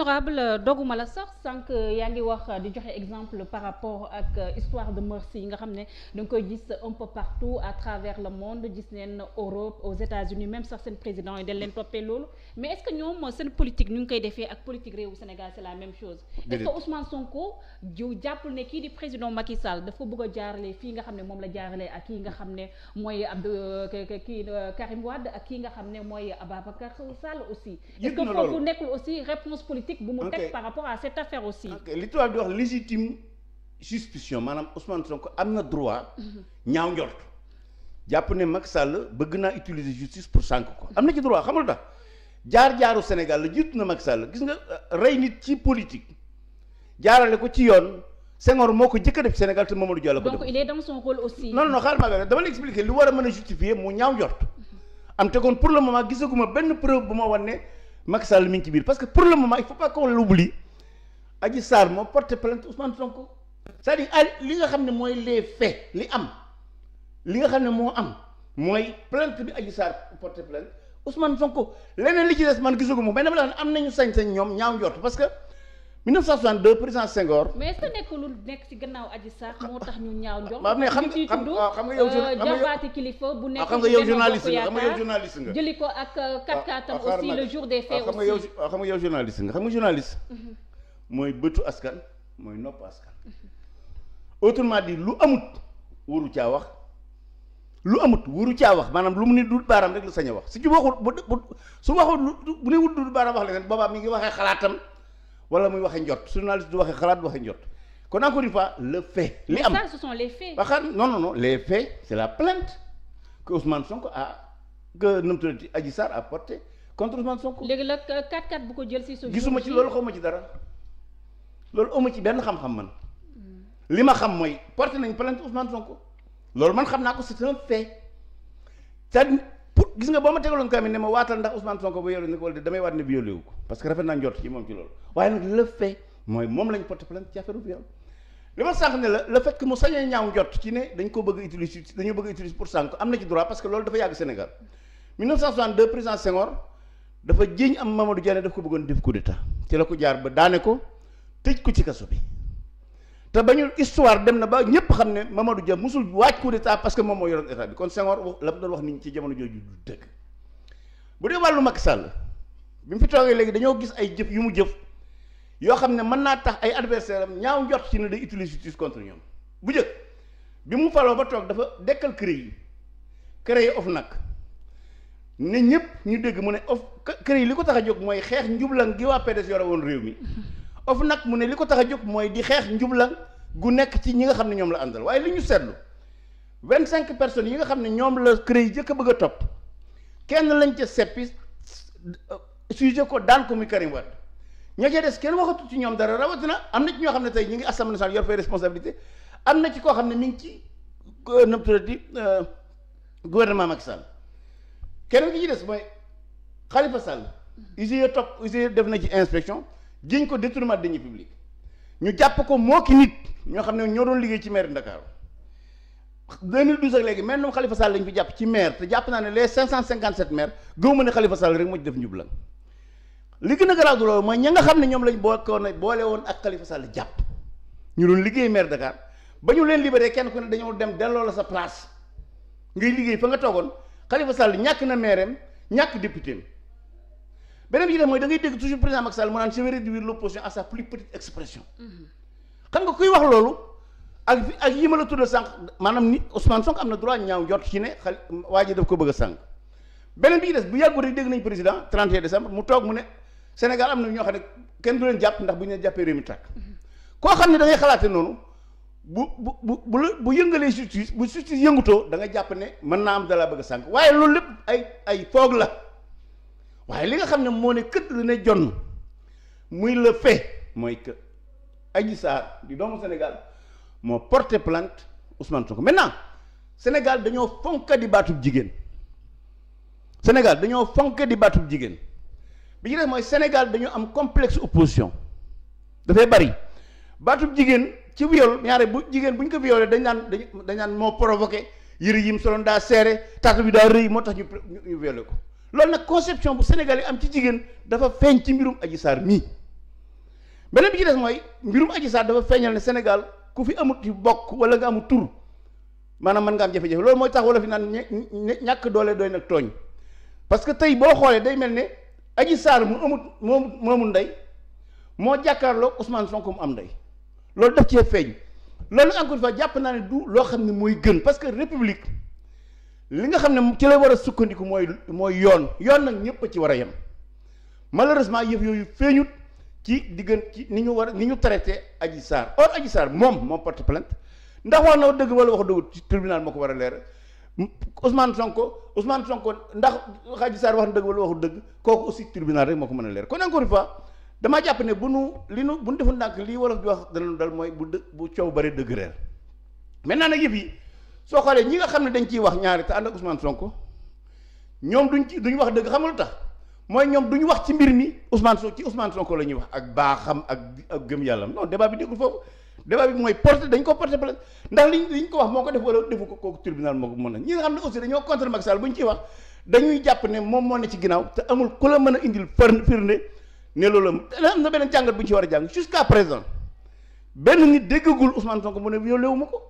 honorable euh, doguma la sax sànq euh, yaa ngi wax euh, di joxe histoire de yi nga xam ne da nga koy gis un peu partout à travers le monde gis neen Europe aux États-Unis même sax seen président yi leen toppee loolu mais est-ce que ñoom seen politique ñu ngi koy defee ak politique réewu Sénégal c'est la même chose est-ce que Ousmane jàppul ne kii di président Macky Sall dafa bëgg a jaarale fii nga xam ne moom la jaarale ak kii nga xam ne mooy Abdou kii Karim Wade ak kii nga xam ne mooy Ababacar Sall aussi est-ce nekkul aussi réponse politique diagnostic bu mu teg par rapport à a affaire aussi li tubaab di wax légitime suspicion maanaam Ousmane Sonko am na droit ñaaw njort jàpp ne Macky Sall bëgg naa utiliser justice pour sànk ko am na ci droit xamul da jaar-jaaru Sénégal la jiitu na Macky Sall gis nga euh, rey nit ci ci yoon Senghor a ko def donc il est dans son rôle aussi. non non xaaral maa ngi dama la expliquer lu war a mën a justifier mu ñaaw njort am te kon pour le moment gisaguma benn preuve bu ma wan Macky Sall mi ngi ci biir parce que pour le moment il faut pas qu'on l'oublie Adji Sarr moo porté plainte Ousmane Sonko c'est-à-dire ah, li nga xam ne mooy les faits li am li nga xam ne moo am mooy plainte bi Adji Sarr porté plainte Ousmane Sonko leneen li ci des man gisagu ma mais dama la wax ne am nañu sañ-sañ ñoom ñaaw njort parce que 1962 président Senghor. mais est-ce que nekk lu nekk ci gannaaw Adji Sarr moo tax ñu ñaaw njom. waaw mais xam ah, nga xam nga yow jabaati nga jëli ko ak kat euh, ah, katam ah, aussi le jour des faits aussi. xam nga yow xam nga mhm. mooy bëtu askan mooy nopp askan. autrement lu amut waru caa wax lu amut waru caa wax maanaam lu mu ne dul baaraam rek la sañ a wax su ci waxul bu su waxul bu ne wut dul baaraam wax leneen boobaa mi ngi waxee xalaatam. wala muy waxee njot journaliste du waxee xalaat du waxee njot kon encore une fois le fait. li am ça ce sont les faits. waxaar non non non les faits est la plainte que Ousmane Sonko a que nu mu tuddati Adji Sarr a porté contre Ousmane Sonko. léegi la 4-4 bu ko jël si. gisuma ci loolu xaw ma ci dara loolu amu ci benn xam-xam man li ma xam mooy porté nañ plainte Ousmane Sonko loolu man xam naa ko c' est fait pour gis nga boo ma tegaloon kaamil ne ma waatal ndax Ousmane Sonko ba yore ni ko wala damay waat ne violé wu ko parce que rafet naa njort ci moom ci loolu waaye nag le fait mooy moom lañ porte plainte ci affaire u viol li ma sànq ne la le fait que mu sañee ñaaw njort ci ne dañ ko bëgg utiliser dañu bëgg utiliser pour sànq am na ci droit parce loolu dafa yàgg Sénégal 1962 président Senghor dafa jiiñ am Mamadou Diané daf ko bëggoon def coup d'état ci la ko jaar ba daane ko tëj ko ci kaso bi te ba ñu histoire dem na ba ñëpp xam ne Mamadou Dia mosul waaj coup d'état parce que moom moo yoroon état bi kon Senghor la mu doon wax nit ñi ci jamono jooju du dëkk bu dee wàllu Macky Sall bi mu fi toogee léegi dañoo gis ay jëf yu mu jëf yoo xam ne mën naa tax ay adversaire am ñaaw njort ci ne day utiliser justice contre ñoom bu njëkk bi mu faloo ba toog dafa dekkal CREI yi CREI yi nag ne ñëpp ñu dégg mu ne of CREI yi li ko tax a jóg mooy xeex njublan gi waa PDS yore woon réew mi of nag mu ne li ko tax a jóg mooy di xeex njublan gu nekk ci ñi nga xam ne ñoom la àndal waaye li ñu seetlu vingt cinq personnes yi nga xam ne ñoom la CREI jëkk bëgg a topp kenn lañ ca seppi euh, sujet ko daan ko muy Karim Wade ña ca des kenn waxatu ci ñoom dara rawatina am na ci ñoo xam ne tey ñu ngi assemblée nationale yor fay responsabilité am na ci koo xam ne mi ngi ci euh, nabturati euh, gouvernement Macky Sall keneen ki ci des mooy Khalifa Sall mm-hmm. UGE topp UGE def na ci inspection jën ko détournement de deniers publics ñu jàpp ko moo ki nit ñoo xam ne ñoo doon liggéey ci maire de Dakar 2012 ak léegi même Khalifa Sall lañ fi jàpp ci maire te jàpp naa ne les 557 maires gëw ma ne Khalifa Sall rek moo ci def njublan li gën a garaaw du loolu mooy ña nga xam ne ñoom lañ bokkoon boole woon ak Khalifa Sall jàpp ñu doon liggéey maire Dakar ba ñu leen libéré kenn ku ne dañoo dem delloo la sa place ngay liggéey fa nga toogoon Khalifa Sall ñàkk na maire ñàkk député beneen bi ci def mooy dangay ngay dégg toujours président Macky Sall mu naan je vais réduire l'opposition a sa plus petite expression. Mm-hmm. xam nga kuy wax loolu ak ak yi ma la tuddal sànq maanaam ni Ousmane Sonko am na droit ñaaw jot ci ne xal waa ji daf ko bëgg a sànq beneen bi ci des bu yàggu rek dégg nañ président 31 décembre mu toog mu ne Sénégal am na ñoo xam ne kenn du leen jàpp ndax bu ñu la jàppee réew mi tàkk. Mm-hmm. koo xam ne da ngay xalaate noonu bu bu bu bu bu yëngalee justice bu justice yëngutoo da nga jàpp ne mën naa am dalaa bëgg sànq waaye loolu lépp ay ay foog la. waaye li nga xam ne moo ne kër këtt ne jonn muy la fait mooy que Adji Sarr di doomu Sénégal moo porté plainte Ousmane Sonko maintenant Sénégal dañoo fonk di baatub jigéen Sénégal dañoo fonk di baatub jigéen bi ñu mooy Sénégal dañu am complexe opposition dafay bari baatub jigéen ci viol ñaare bu jigéen bu ñu ko violé dañ naan dañ moo provoqué yëre yi mu soloon daa seere taatu bi daa rëy moo tax ñu ñu ko loolu nag conception bu Sénégal yi am ci jigéen dafa feeñ ci mbirum Adji Sarr mii beneen bi ci des mooy mbirum Adji Sarr dafa feeñal ne Sénégal ku fi amut yu bokk wala nga amul tur maanaam mën nga am jafe-jafe loolu mooy tax wala fi ñàkk doole doy nag tooñ parce que tey boo xoolee day mel ne Adji Sarr mu amut moom moomu moo jàkkaarloo Ousmane Sonko mu am ndey loolu daf feeñ loolu encore une jàpp naa ne du loo xam ne mooy gën parce que république li nga xam ne ci lay war a sukkandiku mooy mooy yoon yoon nag ñëpp a ci war a yem malheureusement yëpp yooyu feeñut ci diggant ci ni ñu war ni ñu traité Adji Sarr or Adji Sarr moom moom porte plainte ndax wax na dëgg wala wax dëgg ci tribunal moo ko war a leer Ousmane Sonko Ousmane Sonko ndax Adji Sarr wax na dëgg wala waxu dëgg kooku aussi tribunal rek moo ko mën a leer kon encore ko fois damaa jàpp ne bu nu li nu bu nu defoon ndànk lii wolof di wax danañ dal mooy bu dë bu coow bari dëgg reer maintenant nag yëf yi soo xoolee ñi nga xam ne dañ ciy wax ñaari te ànd ak Ousmane Sonko ñoom duñ ci duñ wax dëgg xamul tax mooy ñoom duñ wax ci mbir mi Ousmane Sonko ci Ousmane Sonko la ñuy wax ak baaxam ak ak gëm yàlla non débat bi déggul foofu débat bi mooy porté dañ ko porté plainte ndax liñ liñ ko wax moo ko def wala defu ko kooku tribunal moo ko mën na ñi nga xam ne aussi dañoo contre Macky Sall bu ñu wax dañuy jàpp ne moom moo ne ci ginnaaw te amul ku la mën a indil firnde ne loolu am na beneen jàngat bu ñu war a jàng jusqu'à présent benn nit déggagul Ousmane Sonko mu ne yow léewu ma ko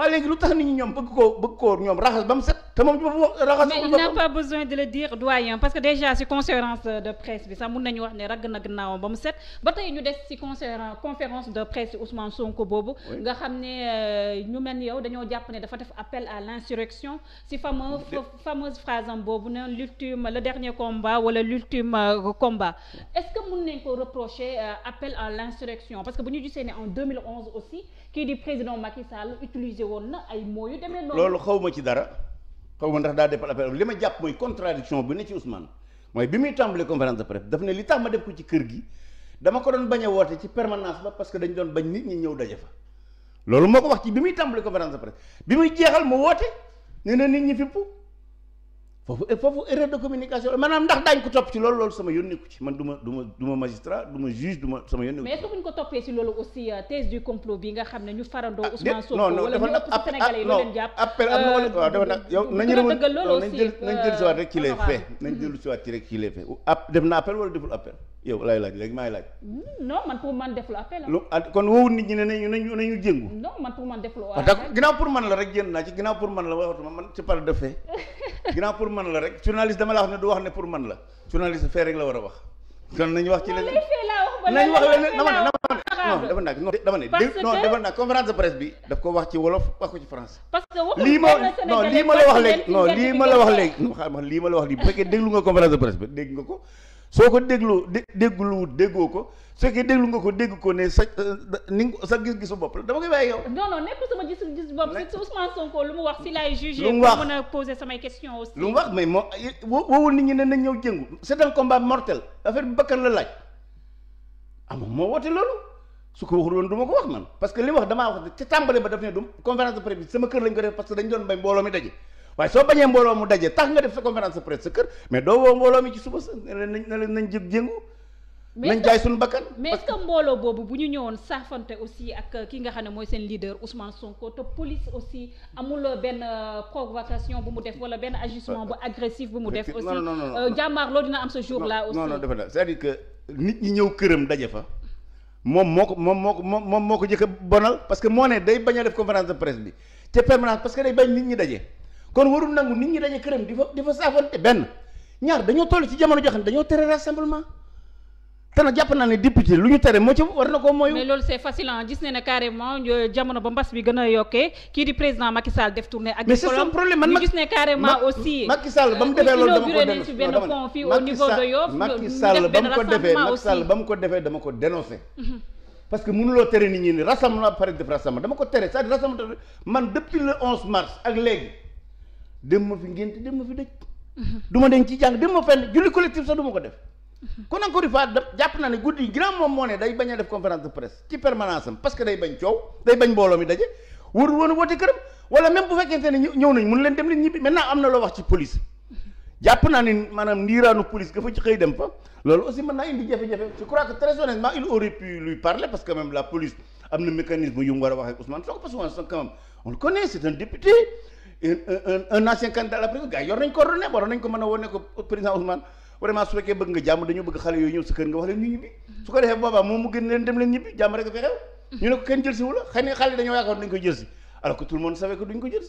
waa léegi lu tax nit ñi ñoom bëgg ko bëgg koo ñoom raxas ba mu set te moom ci boppam raxas mais il n'a pas besoin de le dire doyen parce que déjà si conférence de presse bi sax mun nañu wax ne na gannaawam ba mu set ba tey ñu des si conférence conférence de presse Ousmane Sonko boobu nga xam ne euh, ñu mel ni yow dañoo jàpp ne dafa def appel à l'insurrection si fameuse fameuse phrase am boobu ne l'ultime le dernier combat wala l'ultime euh, combat est-ce que mun nañ ko reprocher euh, appel à l'insurrection parce que bu ñu gisee ne en aussi kii di président Macky Sall utilisé woon na ay mots yu demee loolu xaw ma ci dara xaw ma ndax daa def appel li ma jàpp mooy contradiction bu ne ci Ousmane mooy bi muy tàmbalee conférence de presse daf ne li tax ma def ko ci kër gi dama ko doon bañ a woote ci permanence ba parce que dañ doon bañ nit ñi ñëw daje fa. loolu moo ko wax ci bi muy tàmbalee conférence de presse bi muy jeexal ma woote nee na nit ñi fippu foofu foofu erreur de communication maanaam ndax daañ ko topp ci loolu loolu sama yónneeku ci man du ma du ma du ma magistrat du ma juge du ma sama yónneeku mais est-ce que bu ñu ko toppee ci loolu aussi euh, thèse du complot bi nga xam ne ñu farandoo appel euh, na wala waaw dafa nag yow nañu dëggal loolu aussi euh, rek ci les faits nañ jël siwaat ci rek ci les faits app def na appel wala deful appel yow laay laaj léegi maay laaj hmm, non man pour man deful appel lu kon ah, naa ci ginnaaw pour man ginnaaw pour man la rek journaliste dama la wax ne du wax ne pour man la journaliste fee rek la war a wax. kon nañu wax ci leneen nañu wax leneen dama ne dama ne non dama ne non dama ne conférence de presse bi daf ko wax ci wolof wax ko ci français. lii ma non lii ma la wax léegi non lii ma la wax léegi non xaaral lii ma la wax lii bu fekkee déglu nga conférence de presse bi dégg nga ko. soo ko déglu dé déglu déggoo ko su fekkee déglu nga ko dégg ko ne sa euh, ni sa gis-gisu bopp la dama koy bàyyi yow. non non sama gis-gisu bopp si Ousmane Sonko lu mu wax si laay jugé. lu mu wax mën a poser question aussi. lu mu wax mais moo woowul nit ñi ne nañ ñëw jëngu c'est un combat mortel affaire bi bakkan la laaj ah moom moo woote loolu su ko waxul woon du ko wax man parce li wax damaa wax ca tàmbale ba daf ne du conférence de sama kër lañ ko def parce dañ doon bay mbooloo waaye soo bañee mbooloo mu daje tax nga def sa conférence de presse sa kër mais doo woo mbooloo mi ci suba sa nañ nañ jëg nañ jaay suñu bakkan mais est mbooloo boobu bu ñu ñëwoon saafante aussi ak ki nga xam ne mooy seen leader Ousmane Sonko te police aussi amul benn euh, provocation bu mu def wala benn agissement bu agressif bu mu def aussi jàmmaarloo dina am ce jour là aussi non non dafa cest dire que nit ñi ñëw këram daje fa moom moo ko moom moo ko moom moo ko jëkk a parce que moo ne day bañ a def conférence de presse bi te permanence parce kon warul nangu nit ñi daje këram di fa di fa saafonte benn ñaar dañoo toll ci jamono jox xam ne dañoo tere rassemblement te nag jàpp naa ne député lu ñu tere moo ci war na ko mooy. mais loolu c'est facile gis nañ ne a yokkee kii di président Macky Sall def tournée. ak mais c'est son problème man euh, ko dénoncé benn pont fii au niveau de Yoff. Macky Sall mhm. mars ak léegi. dem ma fi ngénte dem ma fi fenn julli collectif sax du ko def kon encore une jàpp naa ne guddi grand moom moo ne day bañ a def conférence de presse ci permanence am parce que day bañ coow day bañ mbooloo mi daje warul woon a këram wala même bu fekkente ne ñëw nañ mun leen dem leen ñibbi maintenant am na loo wax ci police jàpp naa ne maanaam ndiiraanu police ga ci xëy dem fa loolu aussi mën naa indi jafe-jafe je crois que très il aurait pu wax ak un un ancien candidat à la présidence gars yi yor nañ ko ordonné waroon nañ ko mën a wane ko président Ousmane vraiment su fekkee bëgg nga jàmm dañu bëgg xale yooyu ñëw sa kër nga wax leen ñu ñibbi mhm. su ko defee boobaa moom mu gën leen dem leen ñibbi jàmm rek fi xew mhm. ñu ne ko kenn jël la xale dañoo yaakaar nañ ko jël si alors que tout le monde savait duñ ko jël